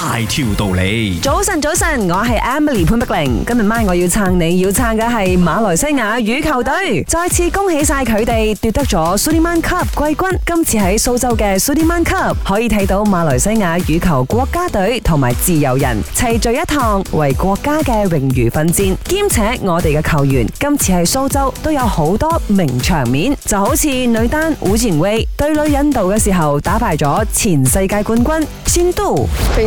大條道理，早晨早晨，我係 Emily 潘碧玲，今日晚我要撐你要撐嘅係馬來西亞羽球隊，再次恭喜晒佢哋奪得咗蘇迪曼杯季軍。今次喺蘇州嘅蘇迪曼杯，可以睇到馬來西亞羽球國家隊同埋自由人齊聚一堂，為國家嘅榮譽奮戰。兼且我哋嘅球員今次喺蘇州都有好多名場面，就好似女單伍茲威對女印度嘅時候，打敗咗前世界冠軍辛杜，非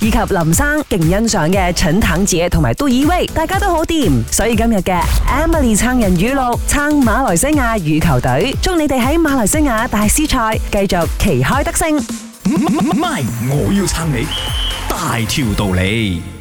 以及林生勁欣賞嘅陳騰姐，同埋都以為大家都好掂，所以今日嘅 Emily 撐人語錄，撐馬來西亞羽球隊，祝你哋喺馬來西亞大師賽繼續旗開得勝。MY，我要撐你大條道理。